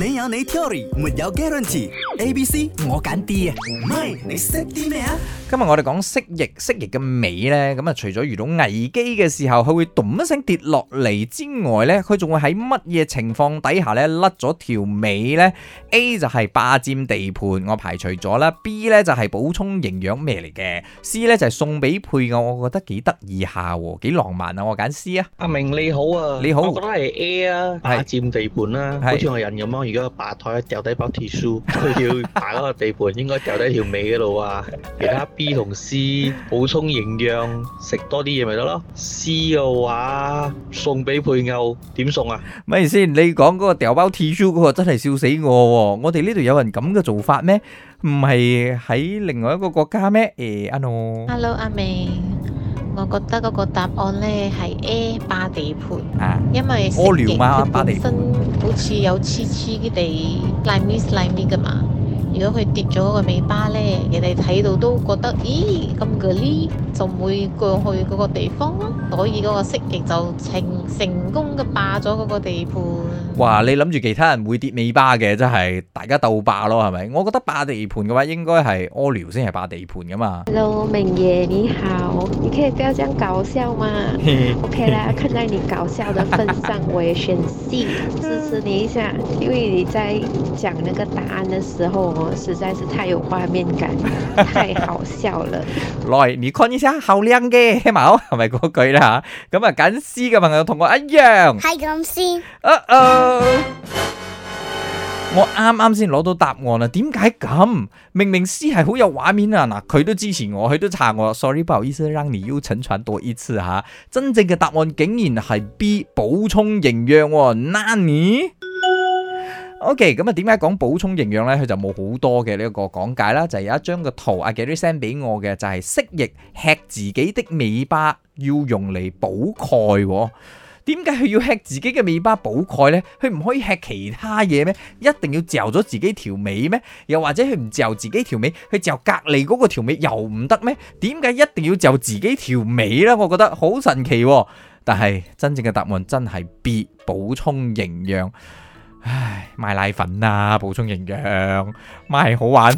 你有你的 theory，沒有 guarantee ABC？A、B、C 我揀 D 啊！唔係你識啲咩啊？今日我哋講蜥蜴，蜥蜴嘅尾咧，咁、嗯、啊，除咗遇到危機嘅時候，佢會咚一聲跌落嚟之外咧，佢仲會喺乜嘢情況底下咧甩咗條尾咧？A 就係霸佔地盤，我排除咗啦。B 咧就係補充營養咩嚟嘅？C 咧就係送俾配偶，我覺得幾得意下，幾浪漫啊！我揀 C 啊！阿明你好啊，你好，我覺得係 A 啊，霸佔地盤啦、啊，好似我人咁啊。而家把台掉低包鐵書，要打嗰個地盤，應該掉低條尾嗰度啊！其他 B 同 C 補充營養，食多啲嘢，咪得咯？C 嘅話送俾配偶，點送啊？咪先？你講嗰個掉包鐵書嗰個真係笑死我喎！我哋呢度有人咁嘅做法咩？唔係喺另外一個國家咩？誒，阿諾。Hello，阿美。我覺得嗰個答案咧係 A 霸地盤，因為阿廖媽佢本身好似有黐黐嘅地，slimy slimy 噶嘛。如果佢跌咗個尾巴咧，人哋睇到都覺得，咦咁嘅呢？就每個去嗰個地方，所以嗰個蜥蜴就成成功嘅霸咗嗰個地盤。哇！你諗住其他人會跌尾巴嘅，真係大家鬥霸咯，係咪？我覺得霸地盤嘅話，應該係屙尿先係霸地盤噶嘛。Hello，明爺你好，你可以不要這樣搞笑嘛 ？OK 啦，看在你搞笑嘅份上，我也選 C 支持你一下，因為你在講那個答案嘅時候，我實在是太有畫面感，太好笑了。來，你看一下。好靚嘅起冇，係咪嗰句啦吓？咁啊，揀 C 嘅朋友同我一樣係咁先。我啱啱先攞到答案啦，點解咁？明明 C 係好有畫面啊！嗱，佢都支持我，佢都查我。Sorry，不好意思，讓你邀請產多一次吓。真正嘅答案竟然係 B，補充營養。n 你？O.K. 咁啊，點解講補充營養呢？佢就冇好多嘅呢、呢個講解啦，就係、有一張個圖，阿 Jerry send 俾我嘅，就係蜥蜴吃自己的尾巴要用嚟補鈣、哦。點解佢要吃自己嘅尾巴補鈣呢？佢唔可以吃其他嘢咩？一定要嚼咗自己條尾咩？又或者佢唔嚼自己條尾，佢嚼隔離嗰個條尾又唔得咩？點解一定要嚼自，自己條尾呢？我覺得好神奇、哦。但係真正嘅答案真係必補充營養。唉，買奶粉啊，補充營養，咪好玩。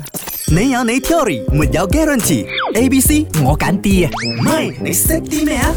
你有你的 theory，沒有 guarantee。A B C，我揀 D 啊，咪、嗯、你識啲咩啊？